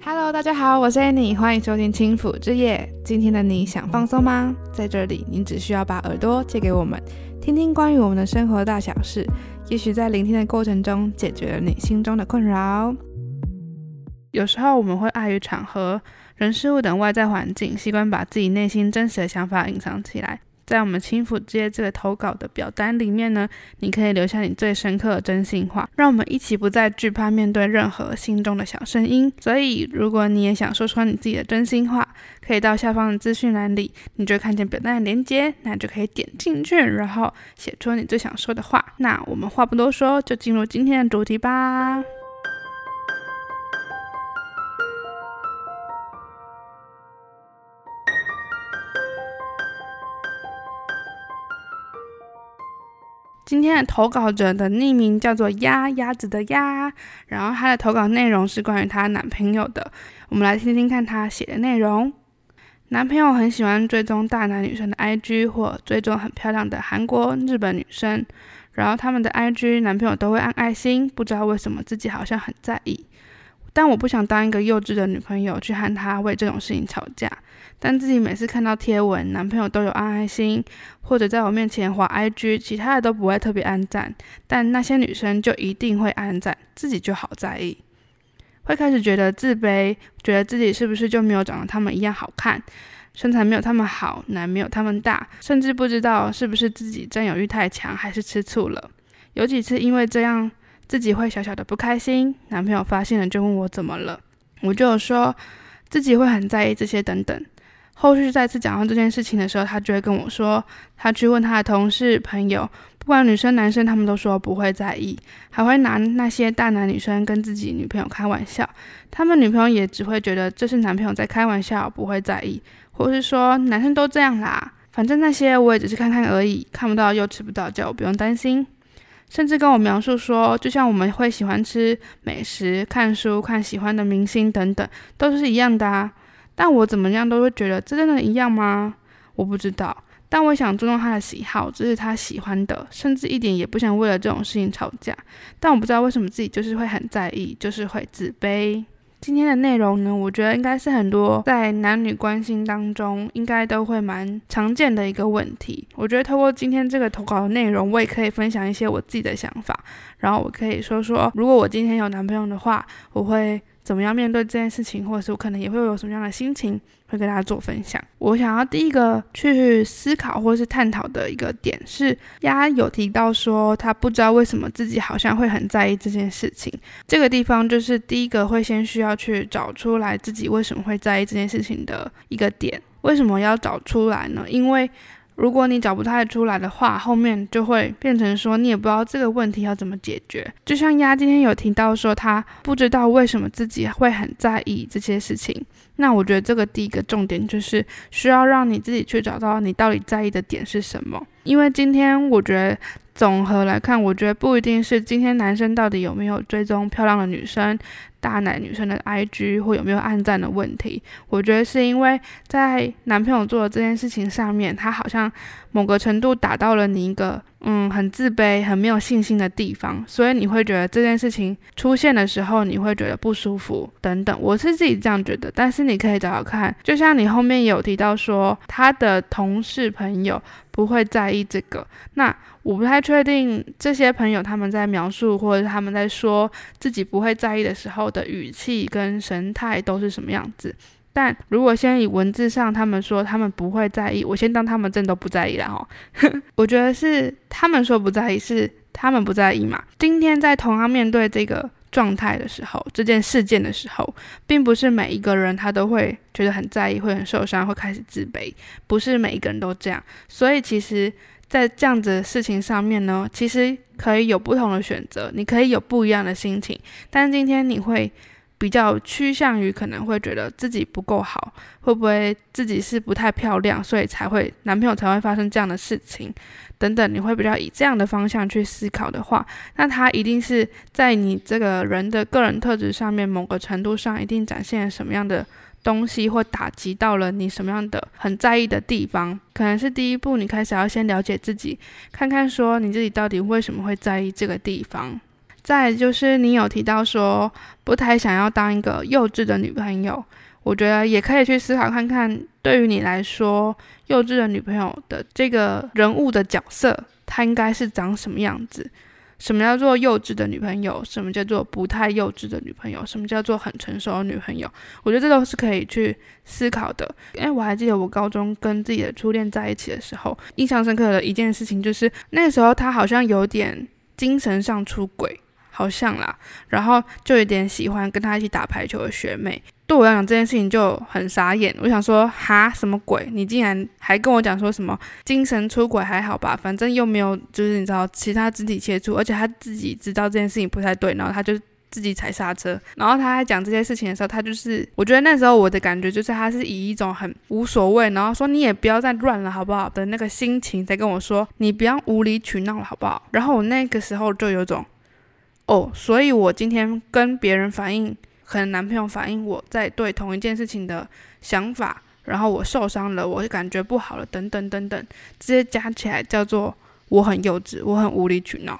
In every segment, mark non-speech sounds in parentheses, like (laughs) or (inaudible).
哈嘍，Hello, 大家好，我是 Annie，歡迎收聽輕撫之夜。今天的你想放鬆嗎？在這裡，你只需要把耳朵借給我們，聽聽關於我們的生活大小事。也許在聆聽的過程中，解決了你心中的困擾。有時候我們會礙於場合、人事物等外在環境，習慣把自己內心真實的想法隱藏起來。在我們輕撫街這個投稿的表單裡面呢，你可以留下你最深刻的真心話，讓我們一起不再懼怕面對任何心中的小聲音。所以，如果你也想說出你自己的真心話，可以到下方的資訊欄裡，你就看見表單的連接，那就可以點進去，然後寫出你最想說的話。那我們話不多說，就進入今天的主題吧。投稿者的匿名叫做鴨，鴨子的鴨，然後她的投稿內容是關於她男朋友的，我們來聽聽看她寫的內容。男朋友很喜歡追蹤大男女生的 IG 或追蹤很漂亮的韓國、日本女生，然後他們的 IG 男朋友都會按愛心，不知道為什麼自己好像很在意。但我不想當一個幼稚的女朋友去和她為這種事情吵架。但自己每次看到貼文，男朋友都有按愛心，或者在我面前滑 IG，其他的都不會特別按讚。但那些女生就一定會按讚，自己就好在意，會開始覺得自卑，覺得自己是不是就沒有長得他們一樣好看，身材沒有他們好，奶沒有他們大，甚至不知道是不是自己占有欲太強，還是吃醋了。有幾次因為這樣。自己會小小的不開心，男朋友發現了就問我怎麼了，我就說自己會很在意這些等等。後續再次講到這件事情的時候，他就會跟我說，他去問他的同事朋友，不管女生男生，他們都說不會在意，還會拿那些大男女生跟自己女朋友開玩笑，他們女朋友也只會覺得這是男朋友在開玩笑，不會在意，或是說男生都這樣啦，反正那些我也只是看看而已，看不到又吃不到，叫我不用擔心。甚至跟我描述說，就像我們會喜歡吃美食、看書、看喜歡的明星等等，都是一樣的啊。但我怎麼樣都會覺得這真的一樣嗎？我不知道。但我也想尊重他的喜好，這是他喜歡的，甚至一點也不想為了這種事情吵架。但我不知道為什麼自己就是會很在意，就是會自卑。今天的內容呢，我覺得應該是很多在男女關心當中應該都會蠻常見的一個問題。我覺得透過今天這個投稿的內容，我也可以分享一些我自己的想法，然後我可以說說，如果我今天有男朋友的話，我會。怎麼樣面對這件事情，或者是我可能也會有什麼樣的心情，會跟大家做分享。我想要第一個去思考或是探討的一個點是，丫有提到說他不知道為什麼自己好像會很在意這件事情。這個地方就是第一個會先需要去找出來自己為什麼會在意這件事情的一個點。為什麼要找出來呢？因為如果你找不太出來的話，後面就會變成說你也不知道這個問題要怎麼解決。就像鴨今天有提到說，他不知道為什麼自己會很在意這些事情。那我覺得這個第一個重點就是需要讓你自己去找到你到底在意的點是什麼。因為今天我覺得綜合來看，我覺得不一定是今天男生到底有沒有追蹤漂亮的女生，大男女生的 IG，或有沒有暗讚的問題，我覺得是因為在男朋友做的這件事情上面，他好像某個程度達到了你一個。嗯，很自卑、很沒有信心的地方，所以你會覺得這件事情出現的時候，你會覺得不舒服等等。我是自己這樣覺得，但是你可以找找看。就像你後面有提到說，他的同事朋友不會在意這個，那我不太確定這些朋友他們在描述或者他們在說自己不會在意的時候的語氣跟神態都是什麼樣子。但如果先以文字上，他們說他們不會在意，我先當他們真的都不在意了哈、哦。 (laughs) 我覺得是他們說不在意，是他們不在意嘛。今天在同樣面對這個狀態的時候，這件事件的時候，並不是每一個人他都會覺得很在意，會很受傷，會開始自卑，不是每一個人都這樣。所以其實，在這樣子的事情上面呢，其實可以有不同的選擇，你可以有不一樣的心情。但今天你會。比較趨向於可能會覺得自己不夠好，會不會自己是不太漂亮，所以才會男朋友才會發生這樣的事情等等，你會比較以這樣的方向去思考的話，那他一定是在你這個人的個人特質上面某個程度上一定展現了什麼樣的東西，或打擊到了你什麼樣的很在意的地方。可能是第一步，你開始要先了解自己，看看說你自己到底為什麼會在意這個地方。再來就是，你有提到說不太想要當一個幼稚的女朋友，我覺得也可以去思考看看，對於你來說，幼稚的女朋友的這個人物的角色，她應該是長什麼樣子？什麼叫做幼稚的女朋友？什麼叫做不太幼稚的女朋友？什麼叫做很成熟的女朋友？我覺得這都是可以去思考的。因為我還記得我高中跟自己的初戀在一起的時候，印象深刻的一件事情就是，那個時候他好像有點精神上出軌。好像啦，然後就有點喜歡跟他一起打排球的學妹。對我來講這件事情就很傻眼，我想說，哈，什麼鬼？你竟然還跟我講說什麼精神出軌還好吧，反正又沒有就是你知道其他肢體接觸，而且他自己知道這件事情不太對，然後他就自己踩剎車。然後他在講這件事情的時候，他就是我覺得那時候我的感覺就是他是以一種很無所謂，然後說你也不要再亂了好不好的那個心情在跟我說，你不要無理取鬧了好不好？然後我那個時候就有種。哦，oh, 所以我今天跟別人反映，可能男朋友反映我在對同一件事情的想法，然後我受傷了，我就感覺不好了，等等等等，這些加起來叫做我很幼稚，我很無理取鬧。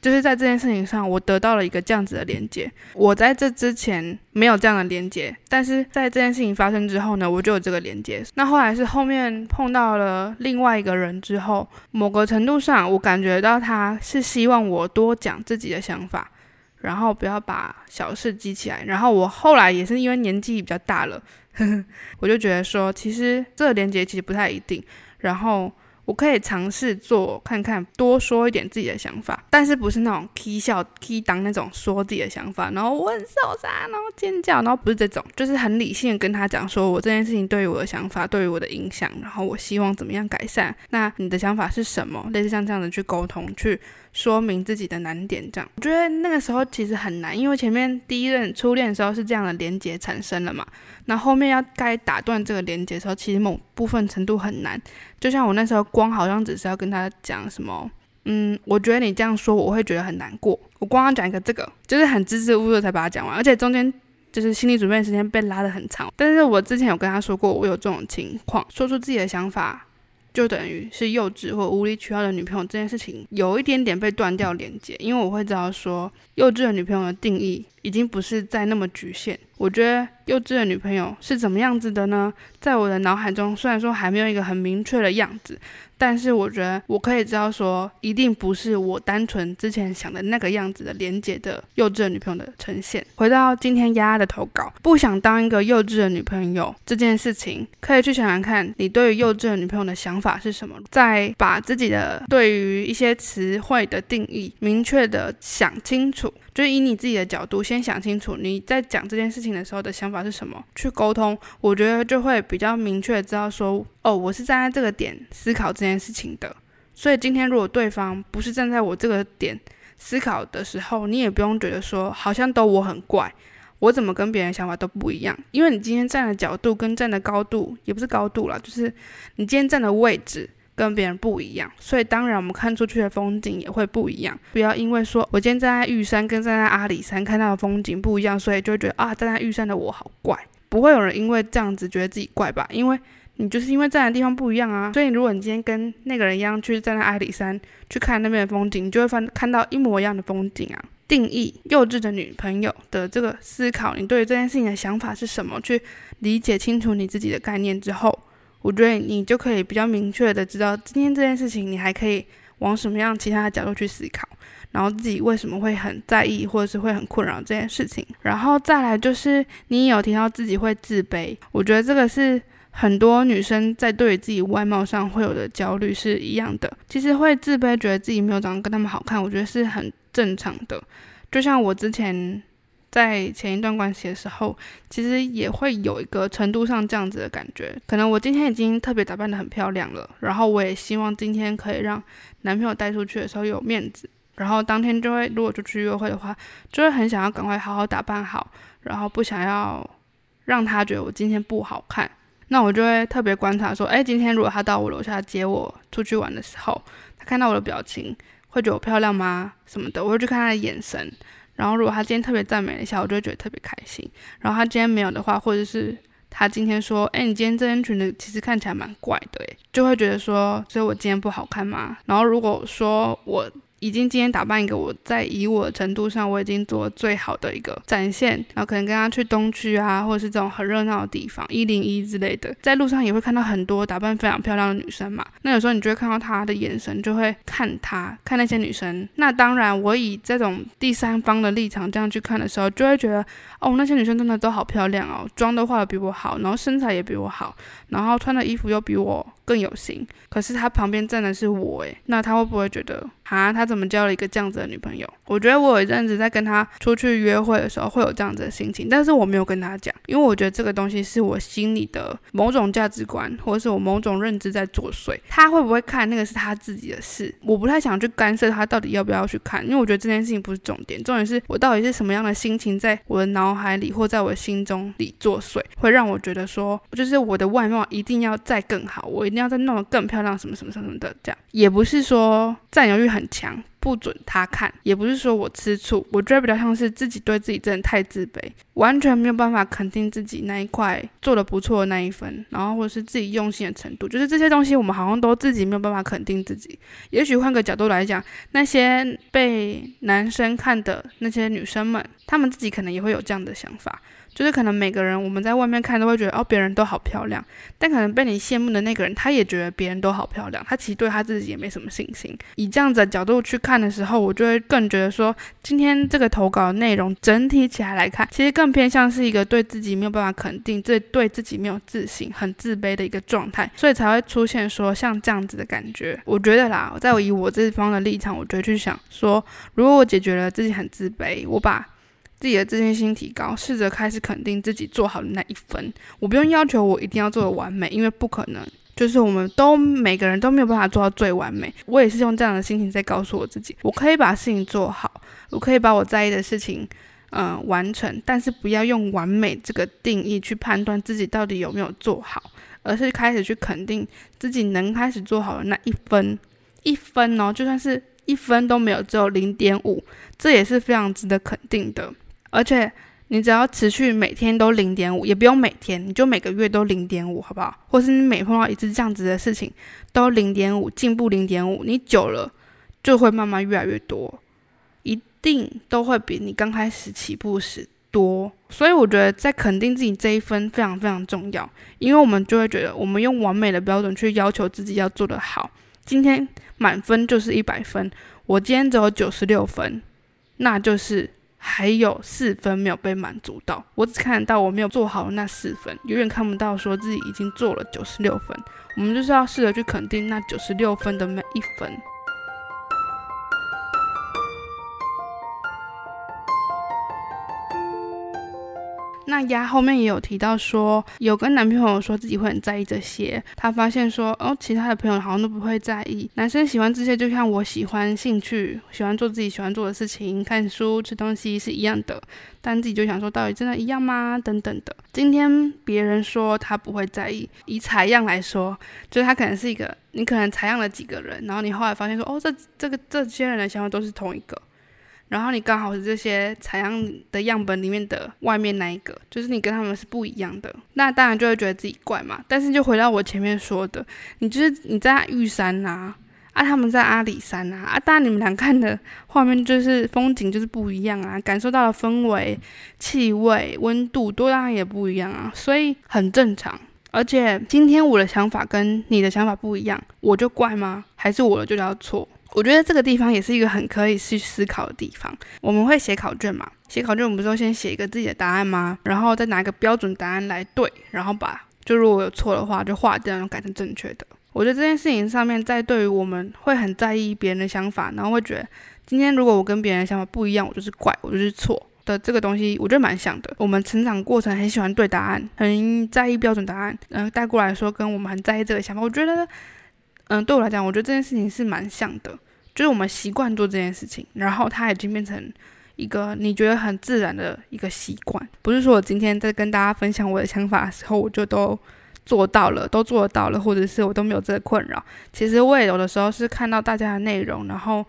就是在這件事情上，我得到了一個這樣子的連接。我在這之前沒有這樣的連接，但是在這件事情發生之後呢，我就有這個連接。那後來是後面碰到了另外一個人之後，某個程度上，我感覺到他是希望我多講自己的想法，然後不要把小事積起來。然後我後來也是因為年紀比較大了，呵呵，我就覺得說，其實這個連接其實不太一定。然後。我可以嘗試做看看，多說一點自己的想法，但是不是那種起笑起乩，那種說自己的想法，然後我很受傷，然後尖叫，然後不是這種，就是很理性跟他講，說我這件事情對於我的想法，對於我的影響，然後我希望怎麼樣改善。那你的想法是什麼？類似像這樣的去溝通，去說明自己的難點，這樣。我覺得那個時候其實很難，因為前面第一任初戀的時候是這樣的連接產生了嘛，那後，後面要該打斷這個連接的時候，其實某部分程度很難。就像我那時候光好像只是要跟他講什麼，嗯，我覺得你這樣說我會覺得很難過。我光要講一個這個，就是很支支吾吾的才把它講完，而且中間就是心理準備的時間被拉得很長。但是我之前有跟他說過，我有這種情況，說出自己的想法就等於是幼稚或無理取鬧的女朋友這件事情，有一點點被斷掉連接，因為我會知道說幼稚的女朋友的定義。已經不是再那麼局限。我覺得幼稚的女朋友是怎麼樣子的呢？在我的腦海中，雖然說還沒有一個很明確的樣子，但是我覺得我可以知道說，一定不是我單純之前想的那個樣子的連接的幼稚的女朋友的呈現。回到今天丫丫的投稿，不想當一個幼稚的女朋友這件事情，可以去想想看你對於幼稚的女朋友的想法是什麼，再把自己的對於一些詞彙的定義明確的想清楚。就以你自己的角度先想清楚，你在講這件事情的時候的想法是什麼，去溝通，我覺得就會比較明確知道說，哦，我是站在這個點思考這件事情的。所以今天如果對方不是站在我這個點思考的時候，你也不用覺得說好像都我很怪，我怎麼跟別人想法都不一樣，因為你今天站的角度跟站的高度也不是高度啦，就是你今天站的位置。跟別人不一樣，所以當然我們看出去的風景也會不一樣。不要因為說我今天站在玉山跟站在阿里山看到的風景不一樣，所以就會覺得啊，站在玉山的我好怪。不會有人因為這樣子覺得自己怪吧？因為你就是因為站的地方不一樣啊。所以如果你今天跟那個人一樣去站在阿里山去看那邊的風景，你就會發看到一模一樣的風景啊。定義幼稚的女朋友的這個思考，你對於這件事情的想法是什麼？去理解清楚你自己的概念之後。我覺得你就可以比較明確的知道，今天這件事情你還可以往什麼樣其他的角度去思考，然後自己為什麼會很在意，或者是會很困擾這件事情。然後再來就是你有提到自己會自卑，我覺得這個是很多女生在對於自己外貌上會有的焦慮是一樣的。其實會自卑，覺得自己沒有長得跟她們好看，我覺得是很正常的。就像我之前。在前一段關係的時候，其實也會有一個程度上這樣子的感覺。可能我今天已經特別打扮得很漂亮了，然後我也希望今天可以讓男朋友帶出去的時候有面子。然後當天就會，如果出去約會的話，就會很想要趕快好好打扮好，然後不想要讓他覺得我今天不好看。那我就會特別觀察說，哎、欸，今天如果他到我樓下接我出去玩的時候，他看到我的表情，會覺得我漂亮嗎？什麼的，我會去看他的眼神。然後，如果他今天特別讚美一下，我就會覺得特別開心。然後他今天沒有的話，或者是他今天說：“哎，你今天這件裙子其實看起來蠻怪的。”哎，就會覺得說，所以我今天不好看嗎？然後如果說我已經今天打扮一個，我在以我的程度上，我已經做最好的一個展現。然後可能跟他去東區啊，或者是這種很熱鬧的地方，一零一之類的，在路上也會看到很多打扮非常漂亮的女生嘛。那有時候你就會看到他的眼神，就會看他看那些女生。那當然，我以這種第三方的立場這樣去看的時候，就會覺得哦，那些女生真的都好漂亮哦，妝都化得比我好，然後身材也比我好，然後穿的衣服又比我更有型。可是他旁邊站的是我誒，那他會不會覺得？啊，他怎麼交了一個這樣子的女朋友？我覺得我有一陣子在跟他出去約會的時候會有這樣子的心情，但是我沒有跟他講，因為我覺得這個東西是我心裡的某種價值觀或者是我某種認知在作祟。他會不會看那個是他自己的事，我不太想去干涉他到底要不要去看，因為我覺得這件事情不是重點，重點是我到底是什麼樣的心情在我的腦海裡或在我的心中裡作祟，會讓我覺得說，就是我的外貌一定要再更好，我一定要再弄得更漂亮，什麼什麼什麼什麼的，這樣，也不是說佔有欲很。很強，不准他看，也不是說我吃醋，我覺得比較像是自己對自己真的太自卑，完全沒有辦法肯定自己那一塊做得不錯的那一分，然後或者是自己用心的程度，就是這些東西我們好像都自己沒有辦法肯定自己。也許換個角度來講，那些被男生看的那些女生們，她們自己可能也會有這樣的想法。就是可能每個人，我們在外面看都會覺得哦，別人都好漂亮，但可能被你羨慕的那個人，他也覺得別人都好漂亮，他其實對他自己也沒什麼信心。以這樣子的角度去看的時候，我就會更覺得說，今天這個投稿內容整體起來來看，其實更偏向是一個對自己沒有辦法肯定，這對自己沒有自信、很自卑的一個狀態，所以才會出現說像這樣子的感覺。我覺得啦，在我以我這方的立場，我就會去想說，如果我解決了自己很自卑，我把。自己的自信心提高，試着開始肯定自己做好的那一分。我不用要求我一定要做得完美，因為不可能，就是我們都每個人都沒有辦法做到最完美。我也是用這樣的心情在告訴我自己，我可以把事情做好，我可以把我在意的事情，嗯、呃，完成。但是不要用完美這個定義去判斷自己到底有沒有做好，而是開始去肯定自己能開始做好的那一分，一分哦，就算是一分都沒有，只有零點五，這也是非常值得肯定的。而且你只要持續每天都零點五，也不用每天，你就每個月都零點五，好不好？或是你每碰到一次這樣子的事情，都零點五進步零點五，你久了就會慢慢越來越多，一定都會比你剛開始起步時多。所以我覺得在肯定自己這一分非常非常重要，因為我們就會覺得我們用完美的標準去要求自己要做得好。今天滿分就是一百分，我今天只有九十六分，那就是。還有四分沒有被滿足到，我只看得到我沒有做好那四分，永遠看不到說自己已經做了九十六分。我們就是要試着去肯定那九十六分的每一分。那丫後面也有提到說，有跟男朋友說自己會很在意這些，他發現說，哦，其他的朋友好像都不會在意。男生喜歡這些，就像我喜歡興趣，喜歡做自己喜歡做的事情，看書、吃東西是一樣的。但自己就想說，到底真的一樣嗎？等等的。今天別人說他不會在意，以採樣來說，就是他可能是一個，你可能採樣了幾個人，然後你後來發現說，哦，這這個這些人的想法都是同一個。然後你剛好是這些採樣的樣本裡面的外面那一個，就是你跟他們是不一樣的，那當然就會覺得自己怪嘛。但是就回到我前面說的，你就是你在玉山吶、啊，啊他們在阿里山吶、啊，啊，當然你們倆看的畫面就是風景就是不一樣啊，感受到的氛圍、氣味、溫度多大也不一樣啊，所以很正常。而且今天我的想法跟你的想法不一樣，我就怪嗎？還是我的就叫錯？我覺得這個地方也是一個很可以去思考的地方。我們會寫考卷嘛，寫考卷，我們不是先寫一個自己的答案嗎？然後再拿一個標準答案來對，然後把就如果有錯的話就劃掉，然後改成正確的。我覺得這件事情上面，在對於我們會很在意別人的想法，然後會覺得今天如果我跟別人的想法不一樣，我就是怪，我就是錯的這個東西，我覺得蠻像的。我們成長過程很喜歡對答案，很在意標準答案，然後帶過來說跟我們很在意這個想法，我覺得。嗯，對我來講，我覺得這件事情是蠻像的，就是我們習慣做這件事情，然後它已經變成一個你覺得很自然的一個習慣。不是說我今天在跟大家分享我的想法的時候，我就都做到了，都做到了，或者是我都沒有這個困擾。其實我也有的時候是看到大家的內容，然後。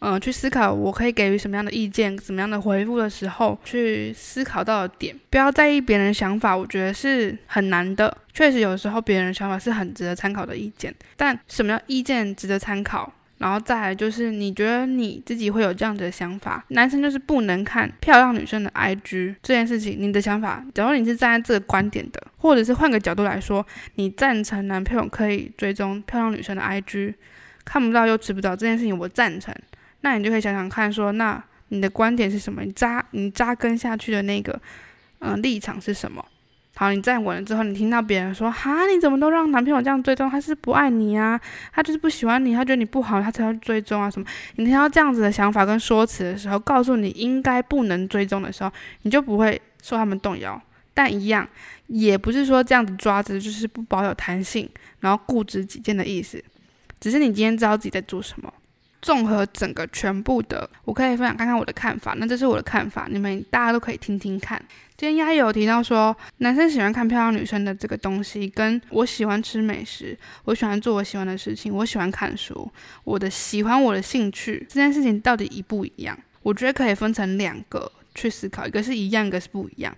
嗯、呃，去思考我可以給予什麼樣的意見，怎麼樣的回復的時候，去思考到的點，不要在意別人的想法，我覺得是很難的。確實，有時候別人的想法是很值得參考的意見，但什麼叫意見值得參考？然後再來就是，你覺得你自己會有這樣子的想法？男生就是不能看漂亮女生的 IG 這件事情，你的想法，假如你是站在這個觀點的，或者是換個角度來說，你贊成男朋友可以追蹤漂亮女生的 IG，看不到又吃不到這件事情，我贊成。那你就可以想想看說，說那你的觀點是什麼？你扎你扎根下去的那個，嗯、呃，立場是什麼？好，你站穩了之後，你聽到別人說哈，你怎麼都讓男朋友這樣追蹤，他是不愛你啊？他就是不喜歡你，他覺得你不好，他才要追蹤啊什麼？你聽到這樣子的想法跟說辭的時候，告訴你應該不能追蹤的時候，你就不會受他們動搖。但一樣，也不是說這樣子抓着就是不保有彈性，然後固執己見的意思，只是你今天知道自己在做什麼。綜合整個全部的，我可以分享看看我的看法。那這是我的看法，你們大家都可以聽聽看。今天壓抑有提到說，男生喜歡看漂亮女生的這個東西，跟我喜歡吃美食，我喜歡做我喜歡的事情，我喜歡看書，我的喜歡我的興趣這件事情到底一不一樣？我覺得可以分成兩個去思考，一個是一樣，一個是不一樣。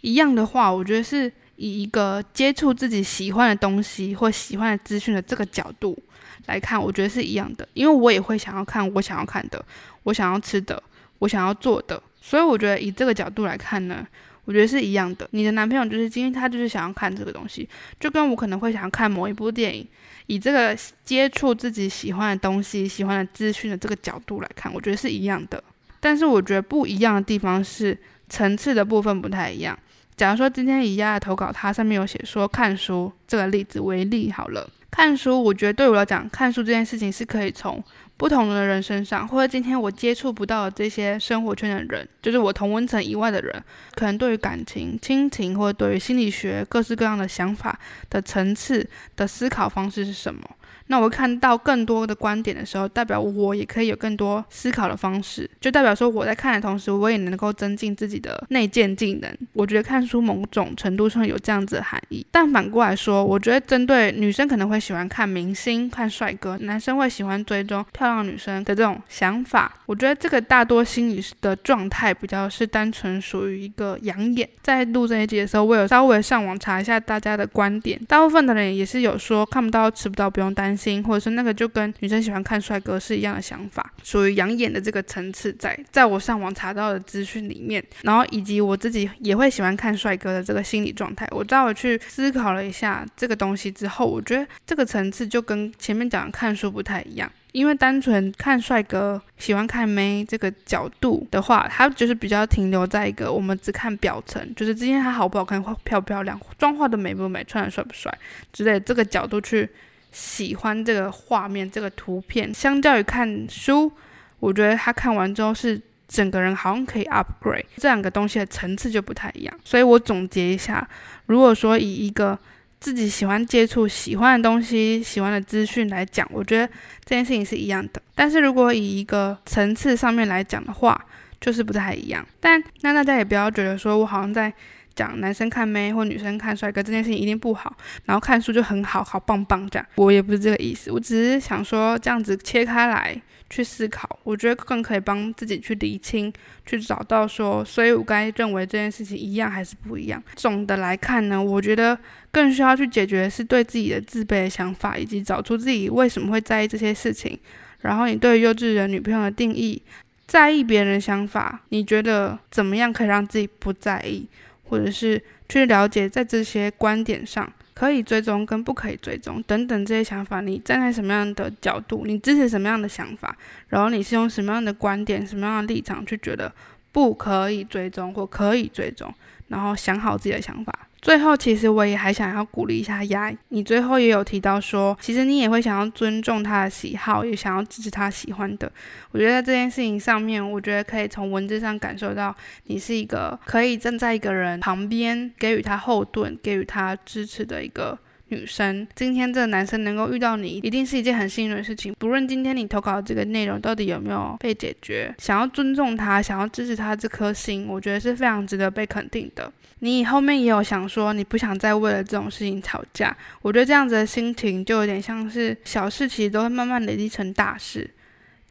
一樣的話，我覺得是。以一個接觸自己喜歡的東西或喜歡的資訊的這個角度來看，我覺得是一樣的，因為我也會想要看我想要看的，我想要吃的，我想要做的，所以我覺得以這個角度來看呢，我覺得是一樣的。你的男朋友就是，因為他就是想要看這個東西，就跟我可能會想要看某一部電影，以這個接觸自己喜歡的東西、喜歡的資訊的這個角度來看，我覺得是一樣的。但是我覺得不一樣的地方是層次的部分不太一樣。假如說今天以丫丫投稿，它上面有寫說看書這個例子為例好了，看書，我覺得對我來講，看書這件事情是可以從不同的人身上，或者今天我接觸不到的這些生活圈的人，就是我同溫層以外的人，可能對於感情、親情，或者對於心理學各式各樣的想法的層次的思考方式是什麼？那我看到更多的觀點的時候，代表我也可以有更多思考的方式，就代表說我在看的同時，我也能夠增進自己的內建技能。我覺得看書某種程度上有這樣子的含義。但反過來說，我覺得針對女生可能會喜歡看明星、看帥哥，男生會喜歡追蹤漂亮女生的這種想法，我覺得這個大多心理的狀態比較是單純屬於一個養眼。在錄這一集的時候，我有稍微上網查一下大家的觀點，大部分的人也是有說看不到、吃不到，不用擔心。心或者說那個就跟女生喜歡看帥哥是一樣的想法，屬於養眼的這個層次。在在我上網查到的資訊裡面，然後以及我自己也會喜歡看帥哥的這個心理狀態，我待會去思考了一下這個東西之後，我覺得這個層次就跟前面講的看書不太一樣，因為單純看帥哥、喜歡看妹這個角度的話，它就是比較停留在一個我們只看表層，就是今天他好不好看，或漂不漂亮，妝化的美不美，穿的帥不帥之類的這個角度去。喜歡這個畫面，這個圖片，相較於看書，我覺得他看完之後是整個人好像可以 upgrade。這兩個東西的層次就不太一樣。所以我總結一下，如果說以一個自己喜歡接觸、喜歡的東西、喜歡的資訊來講，我覺得這件事情是一樣的。但是如果以一個層次上面來講的話，就是不太一樣。但那大家也不要覺得說我好像在。講男生看妹或女生看帥哥這件事情一定不好，然後看書就很好，好棒棒這樣。我也不是這個意思，我只是想說這樣子切開來去思考，我覺得更可以幫自己去理清，去找到說，所以我該認為這件事情一樣還是不一樣。總的來看呢，我覺得更需要去解決的是對自己的自卑的想法，以及找出自己為什麼會在意這些事情。然後你對於幼稚的女朋友的定義，在意別人的想法，你覺得怎麼樣可以讓自己不在意？或者是去了解，在這些觀點上可以追蹤跟不可以追蹤等等這些想法，你站在什麼樣的角度，你支持什麼樣的想法，然後你是用什麼樣的觀點、什麼樣的立場去覺得不可以追蹤或可以追蹤，然後想好自己的想法。最後，其實我也還想要鼓勵一下雅。你最後也有提到說，其實你也會想要尊重他的喜好，也想要支持他喜歡的。我覺得在這件事情上面，我覺得可以從文字上感受到，你是一個可以站在一個人旁邊，給予他後盾，給予他支持的一個。女生，今天這個男生能夠遇到你，一定是一件很幸運的事情。不論今天你投稿的這個內容到底有沒有被解決，想要尊重他，想要支持他這顆心，我覺得是非常值得被肯定的。你後面也有想說，你不想再為了這種事情吵架，我覺得這樣子的心情就有點像是小事，其實都會慢慢累積成大事。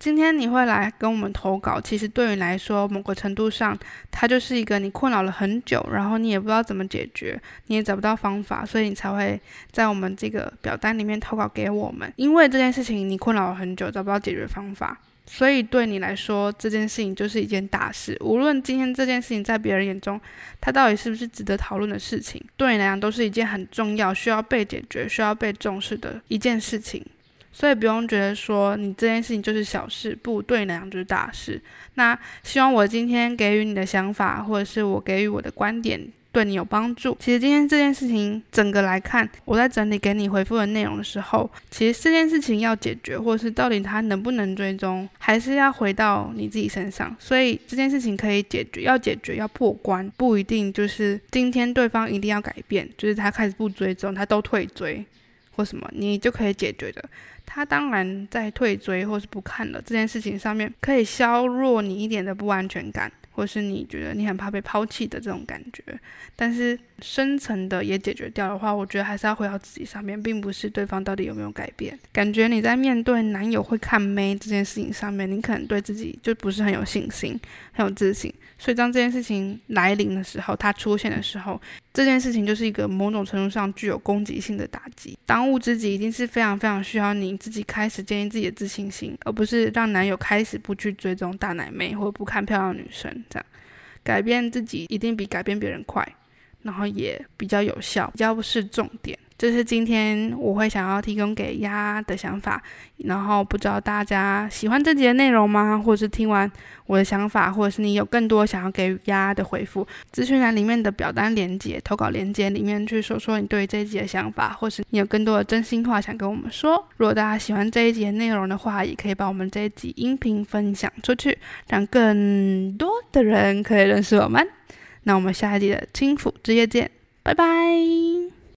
今天你會來跟我們投稿，其實對你來說，某個程度上，它就是一個你困擾了很久，然後你也不知道怎麼解決，你也找不到方法，所以你才會在我們這個表單裡面投稿給我們。因為這件事情你困擾了很久，找不到解決方法，所以對你來說，這件事情就是一件大事。無論今天這件事情在別人眼中，它到底是不是值得討論的事情，對你來講都是一件很重要、需要被解決、需要被重視的一件事情。所以不用覺得說你這件事情就是小事。不對呢，就是大事。那希望我今天給予你的想法，或者是我給予我的觀點，對你有幫助。其實今天這件事情整個來看，我在整理給你回復的內容的時候，其實這件事情要解決，或者是到底他能不能追蹤，還是要回到你自己身上。所以這件事情可以解決，要解決，要破關，不一定就是今天對方一定要改變，就是他開始不追蹤，他都退追，或什麼，你就可以解決的。他當然在退追或是不看了這件事情上面，可以削弱你一點的不安全感，或是你覺得你很怕被拋棄的這種感覺。但是深層的也解決掉的話，我覺得還是要回到自己上面，並不是對方到底有沒有改變。感覺你在面對男友會看妹這件事情上面，你可能對自己就不是很有信心，很有自信。所以當這件事情來臨的時候，他出現的時候，這件事情就是一個某種程度上具有攻擊性的打擊。當務之急，一定是非常非常需要你自己開始建立自己的自信心，而不是讓男友開始不去追蹤大奶妹或者不看漂亮女生這樣。改變自己一定比改變別人快，然後也比較有效，比較是重點。這是今天我會想要提供給丫的想法，然後不知道大家喜歡這集的內容嗎？或者是聽完我的想法，或者是你有更多想要給丫的回復，資訊欄裡面的表單連接、投稿連接裡面去說說你對於這一集的想法，或是你有更多的真心話想跟我們說。如果大家喜歡這一集的內容的話，也可以把我們這一集音頻分享出去，讓更多的人可以認識我們。那我們下一集的《輕撫之夜》見，拜拜。